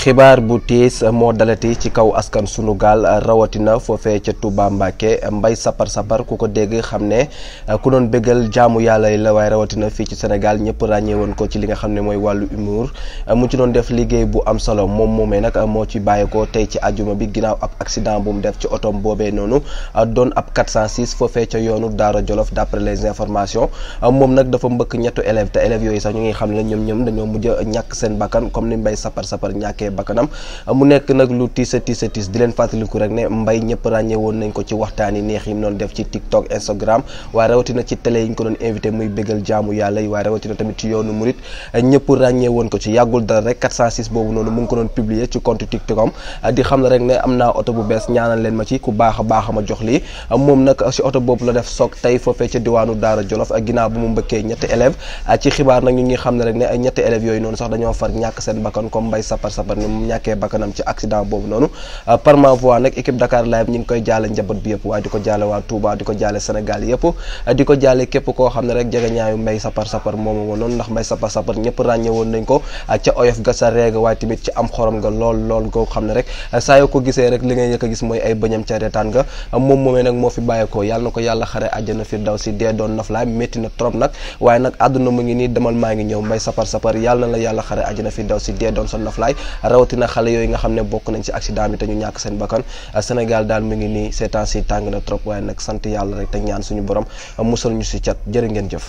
xibaar bu tiis moo dalati ci kaw askan sunu gaal rawatina foofee ca Touba Mbacke mbay sapar sapar ku ko dégg xam ne ku doon bëggal jaamu yàlla yi la waaye rawatina fii ci Sénégal ñëpp ràññee ko ci li nga xam ne mooy wàllu humour mu ci doon def liggéey bu am solo moom moomee nag moo ci bàyyeekoo tey ci ajuma bi ginnaaw ak accident bu mu def ci otom boobee noonu doon ab 406 foofee ca yoonu Daara Jolof d'après les informations moom nag dafa mbëkk ñettu élèves te élèves yooyu sax ñu ngi xam ne ñoom ñoom dañoo mujj a ñàkk seen bakkan comme ni mbay sapar sapar ñàkkee ñàkkee bakkanam mu nekk nag lu tiis a tiis a tiis di leen fàttaliku rek ne mbay ñëpp ràññee woon nañ ko ci waxtaan yi neex yi mu doon def ci TikTok Instagram waaye rek ne am naa oto bu bees ñaanal leen ma ci ku baax a baax a ma jox lii moom nag ci oto boobu la def soog tey foofee ca diwaanu Daara Jolof ak ginnaaw bu mu mbëkkee ñetti élève ci xibaar nag ñu ngi xam ne rek ne ñetti élèves yooyu noonu sax dañoo far ñàkk seen bakkan comme mbay sapar sapar ne mu ñàkkee bakkanam ci accident boobu noonu euh, par ma voix nag équipe Dakar Live ñu ngi koy jaale njaboot bi ko jaale waa Touba di ko euh, ko jaale képp koo xam ne rek jege ñaayu mbay sapar sapar moomu woon noonu ndax mbay sapar sapar ñëpp woon nañ ko euh, ca oyof ga sa reega waaye tamit ci am xorom ga lool lool goo xam ne rek saa yoo ko gisee rek li ngay njëkk gis mooy ay bëñam ca reetaan nga moom moomee nag moo fi bàyyeekoo yàlla na ko yàlla xare àjjana fi daw si dee doon naf laay na trop nag waaye nag àdduna mu ngi nii demal maa ngi ñëw mbay sapar sapar yàlla na la yàlla xare àjjana fi daw si dee doon sa naf rawatina xale yooyu nga xam ne bokk nañ ci accident bi te ñu ñàkk seen bakkan Sénégal daal mu ngi nii ces temps ci tàng na trop waaye nag sant yàlla rek te ñaan suñu borom musal ñu ci cat jërë ngeen jëf.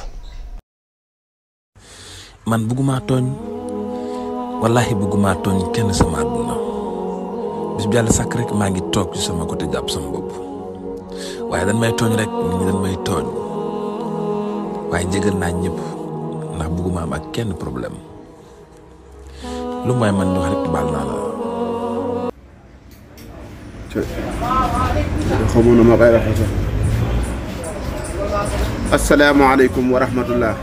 man bëgguma tooñ wallaahi kenn sama àdduna bis maa ngi toog ci sama côté jàpp sama bopp waaye dañ may tooñ rek nit ñi dañ tooñ waaye jégal naa ñëpp ndax bëgguma ak kenn problème. lu may man wax rek baal naa la. xamoon na ma koy waxee sax. asalaamaaleykum wa rahmatullah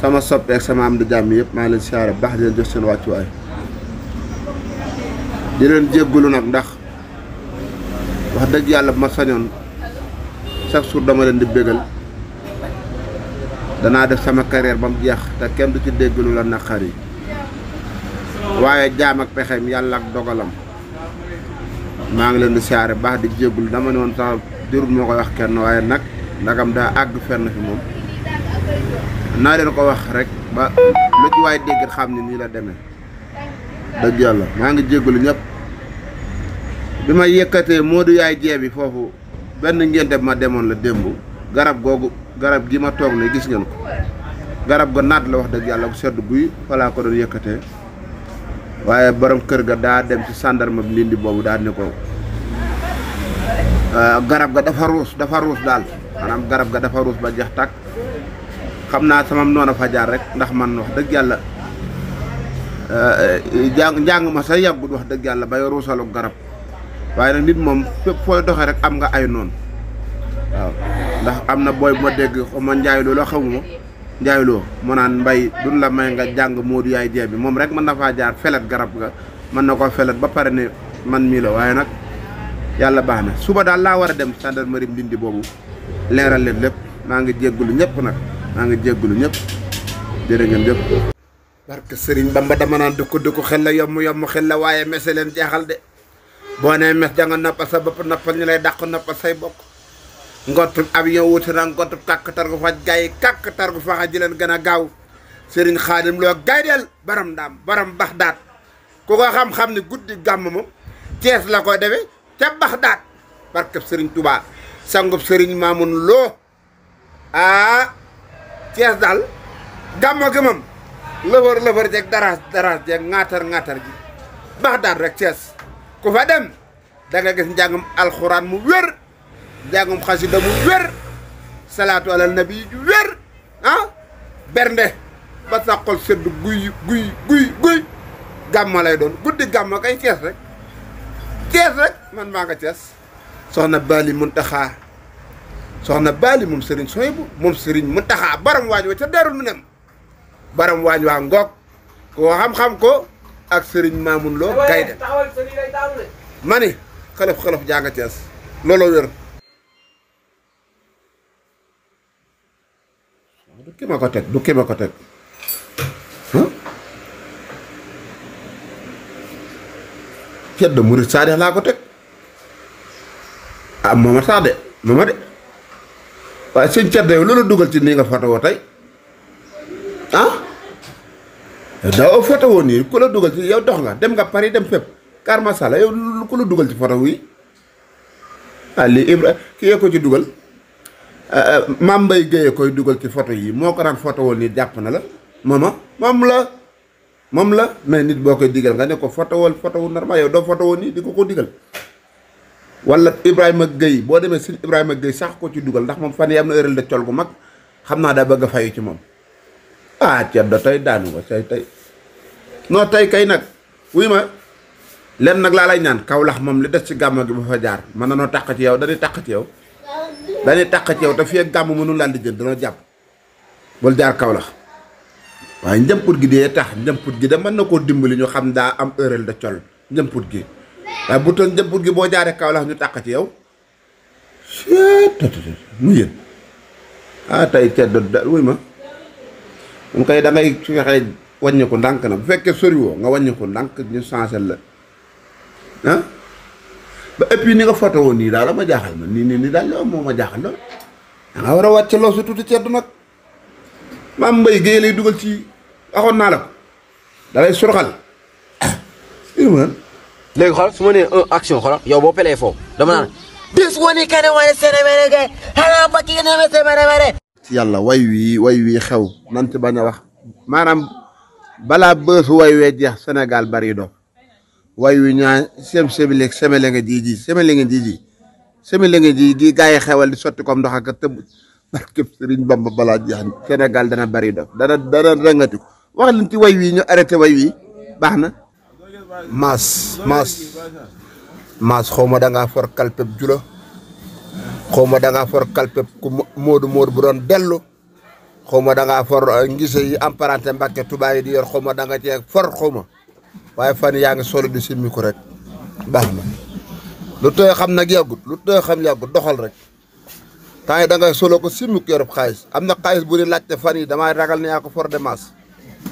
sama soppeek sama am di jàmm yëpp maa leen siyaare baax di leen jox seen wàccuwaay. di leen jéggalu nag ndax wax dëgg yàlla bu ma sañoon chaque jour dama leen di bégal danaa def sama carrière ba mu jeex te kenn du ci dégg la naqar yi. waaye jaam ak pexem yàlla ak dogalam maa ngi leen di siyaare baax di jéggul dama ne woon sax jërul ma koy wax kenn waaye nag ndagam daa àgg fenn fi moom naa leen ko wax rek ba lu ci waay dégg xam ne nii la deme dëgg yàlla maa ngi jéggul ñëpp bi ma yëkkatee moo di yaay jee bi foofu benn ngénte bi ma demoon la démb garab googu garab gi ma toog ne gis ngeen ko garab ga naat la wax dëgg yàlla bu sedd guy falaa ko doon yëkkatee waaye borom kër ga daa dem ci sàndarma bi ndindi boobu daal ne ko euh, garab ga dafa ruus dafa ruus daal maanaam garab ga dafa ruus ba jeex takk xam naa sama noonu fa jaar rek ndax man wax dëgg yàlla euh, jàng njàng ma sa yàggut wax dëgg yàlla bay ruusalu garab waaye nag nit moom fépp fooy doxee rek am nga ay noonu waaw ndax am na booy bu ma dégg xaw ma njaay loolu xamuma Ndiaye Lo mu naan mbay duñ la may nga jàng Modou yaay jeeb bi moom rek mën na faa jaar felet garab ga mën na koo felet ba pare ne man miilo waaye nag yàlla baax na suba daal laa war a dem gendarmerie mbindi boobu leeral leen lépp maa ngi jéggulu ñëpp nag maa ngi jéggulu ñëpp jërë ngeen jëf barke sëriñ Bamba dama naan dëkk dëkk xel la yomb yomb xel la waaye mese leen jeexal de boo nee mes da nga noppal sa bopp noppal ñu lay dàq noppal say bokk ngottub avion wuti na ngottub kàkk targu faj gars yi kàkk targu faxa ji leen gën a gaaw Serigne Khadim Lo gaydeel baram daam baram baxdaat ku ko xam-xam ne guddi gàmm moom Cees la ko defe ca baxdaat barkeb Serigne Touba sangub Serigne Mamoun Lo aa ah, Cees daal gàmmo gi moom lëfër lëfër jeeg daraas daraas jeeg ŋaatar ŋaatar ji baxdaat rek Cees ku fa dem da gis njàngam alxuraan mu wér jàngum xasida mu wér salaatu alal nabi ju wér ah bernde ba sa sedd guy guy guy guy lay doon guddi gàmma kay cees rek cees rek man maa nga cees soxna Bali Muntaxa soxna Bali moom sëriñ Soybu moom sëriñ Muntaxa baram waañ wa ca darul mu nem baram waañ waa ngoog koo xam-xam ko ak sëriñ Maamun Loo gaynde ma ni xalaf xalaf jaa nga cees looloo wér ki ma ko teg du ki ma ko teg ceddo murit saade laa ko teg ah mooma saade mooma de waaye sëñ ceddo yow loolu dugal ci nii nga fotowoo tey ah daaw fotowoo nii ku la dugal ci yow dox nga dem nga Paris dem fépp Kar Masala yow ku la dugal ci fotow yi ah lii Ibra ki yee ko ci dugal Euh, Mame Mbaye Guèye koy dugal ci photo yii moo ko naan photo woon nii jàpp na la mooma moom la moom la mais nit boo koy digal nga ne ko photo woon photo nii di ko ko digal wala Ibrahima boo demee sëñ Ibrahima Guèye sax ko ci dugal ndax moom fan yi am na erreur da col gu mag xam naa daa bëgg a fayu ci moom ah ceeb da tey daanu nga tey tey non tey kay nag wuy ma lenn nag laa lay ñaan kaw lax moom li def ci gàmmo gi bu fa jaar mën na noo taq ci yow dañuy taq ci yow dañuy tàq ci yow te fii ak gàmm mënu laa lijjën dana jàpp bul jaar Kawlax waaye njëmput gi dee tax njëmput gi da mën na koo dimbali ñu xam daa am heurel de col njëmput gi waaye bu toon njëmput gi boo jaaree Kawlax ñu tàq ci yow mu yéen ah tey ceddo da wuy ma mun koy da ngay su fexee wàññi ndànk na bu fekkee soriwoo nga wàññi ko ndànk ñu changer la ah? ba et puis ni nga foto woon nii daal ma jaaxal ma nii nii daal loolu moo ma jaaxal lool a wàcc loosu tuuti ceddu nag maam mbay géey lay dugal ci waxoon naa la ko dalay surxal irman léegi xool su ma nee action xool yow boo pelee foofu dama naan bis wu ni kene wane sénémére gay xanaa ba kii neme sénémére ci yàlla way wii way wii xew nan ci bañ a wax maanaam balaa bësu way wee jeex Sénégal bari doom wayuñaa sem semile semelenge ji ji semelenge ji ji semelenge ji gi gaa yi xewal di sotti comme ndox ak tëb barkeb Sëriñ Bamba balaa jeex senegal dana bari dof dana dana rëngatu wax leen ti way wii ñu arrêté way wi baax na maas maas maas xaw ma dangaa for kalpeb jula xaw ma dangaa for kalpeb ku moodu moodu bu doon dellu xaw ma dangaa for eh, ngise yi emprunté Mbàkke Tuubaa yi di yor xaw ma danga cee for xaw ma waaye fan yaa ngi solo di simmiku ko rek na lu tooy xam nag yàggut lu tooy xam yàggut doxal rek temps yi da solo ko simmi ko yorob xaalis am na xaalis bu ne fan yi damaa ragal ne yaako for de maas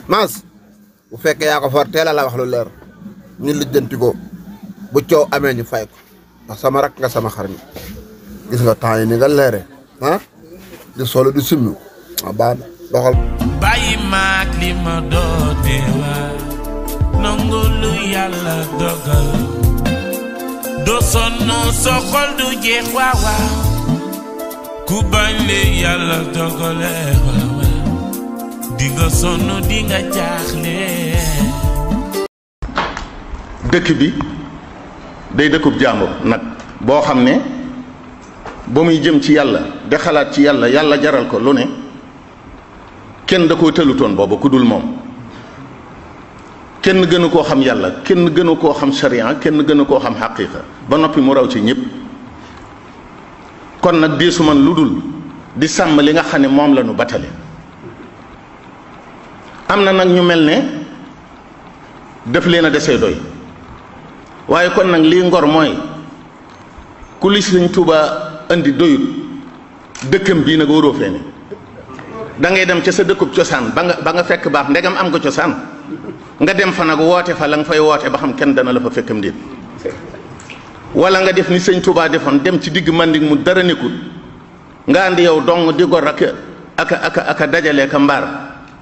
maas bu fekkee yaa ko for teel a la wax lu leer ñu lijjanti bu coow amee ñu fay ko ndax sama rak nga sama xar mi gis nga temps yi ni nga leere ah di solo di simmi ko ah, doxal bàyyi maag li ma doon teewaat nangu lu doo sonn soo xol du jeex waawaaw ku bañ li yàlla dogale waawaaw sonn di jaaxle dëkk bi day dëkkub jàmbur nag boo xam ne ba muy jëm ci yàlla de xalaat ci yàlla yàlla jaral ko lu ne kenn da koo tëlutoon booba ku dul moom kenn gënu koo xam yàlla kenn gënu koo xam sharia kenn gënu koo xam xaqiqa ba noppi mu raw ci ñëpp kon nag diisu man lu dul di sàmm li nga xam ne moom la ñu batale am na nag ñu mel ne def leen a desee doy waaye kon nag lii ngor mooy ku li Sëriñ Tuubaa indi doyut dëkkam bii nag waroo fee ne ngay dem ca sa dëkkub cosaan ba nga ba nga fekk baax ndegam am ko cosaan nga dem fa nag woote fa la nga fay woote ba xam kenn dana la fa fekkam déet wala nga def ni sëñ Touba defoon dem ci digg màndik mu dara nekkul nga andi yow dong di gor ak aka aka aka dajale ka mbaar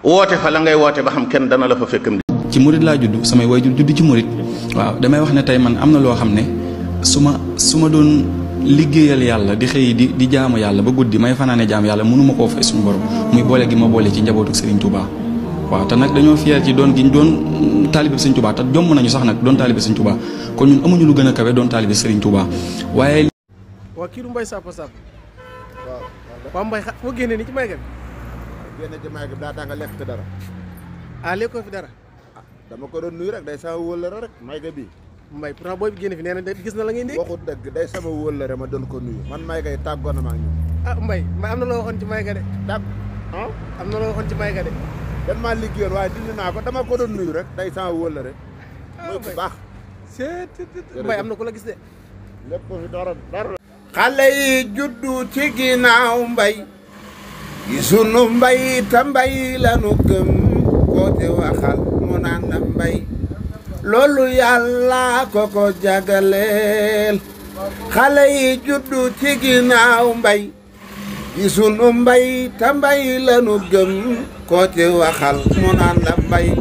woote fa la ngay woote ba xam kenn dana la fa fekkam déet ci murit laa judd samay jur judd ci murit waaw damay wax ne tey man am na loo xam ne su ma su ma doon liggéeyal yàlla di xëy di di jaamu yàlla ba guddi may fanaane jaam yàlla mënuma koo fay suñu muy boole gi ma boole ci njabootu Serigne Touba. Touba te nag dañoo fier ci doon gi doon taalibe Sëriñ Touba te jomb nañu sax nag doon taalibe Sëriñ Touba kon ñun amuñu lu gën a kawe doon taalibe Sëriñ Touba waaye. waaw kii du mbay Sapa Sapa waa waaw Mbaye xa foo génne ni ci may ga génne ci may ga daa daa dara. Ah, lekkoo fi dara. Ah, dama ko doon nuyu rek day sama wóllare rek may ga bii. Mbaye pourtant booy bi génne fi nee na gis na la ngay nekk. waxut dëgg day sama wóllare ma doon ko nuyu man may gay tàggoon maa ngi ah Mbaye mbay am na loo waxoon ci may ga de. d' ah? am na loo waxoon ci may de. dan maa ko la rek. muy ah, bu baax. mbay am yi juddu ci ginnaaw mbay. gisunu mbay ta mbay lanu gëm koote waxal mu naan na mbay. loolu yàlla ko ko jagaleel. xale yi juddu ci ginnaaw mbay. ci mbay te mbay lanu gëm koo ci waxal mu naan la mbay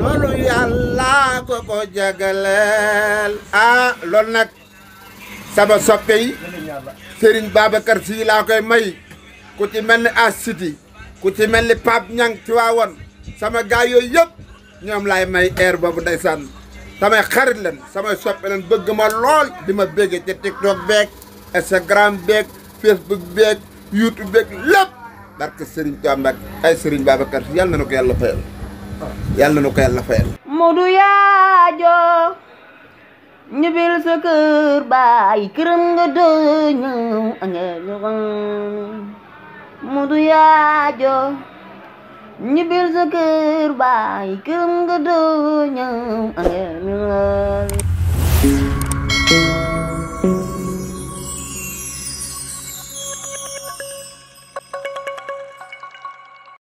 loolu yàlla ko ko jagaleel ah loolu nag sama soppe yi Serigne Babacar Sy laa koy may ku ci mel ni Asiti ku ci mel ni Pape Ñang ci waawoon sama gaay yooyu yëpp ñoom lay may air boobu ndeysaan samay xarit leen sama soppe leen bëgg ma lool di ma bégge ci TikTok beeg Instagram beeg Facebook beeg youtube beeg lépp barke Serigne Touba Mbacke ay Serigne Babacar yàlla na nu na ko yàlla fayal Modou Yaajo ñibil sa kër baay këram nga dëñëw a nga ñëwan Modou sa kër baay këram nga dëñëw a nga ñëwan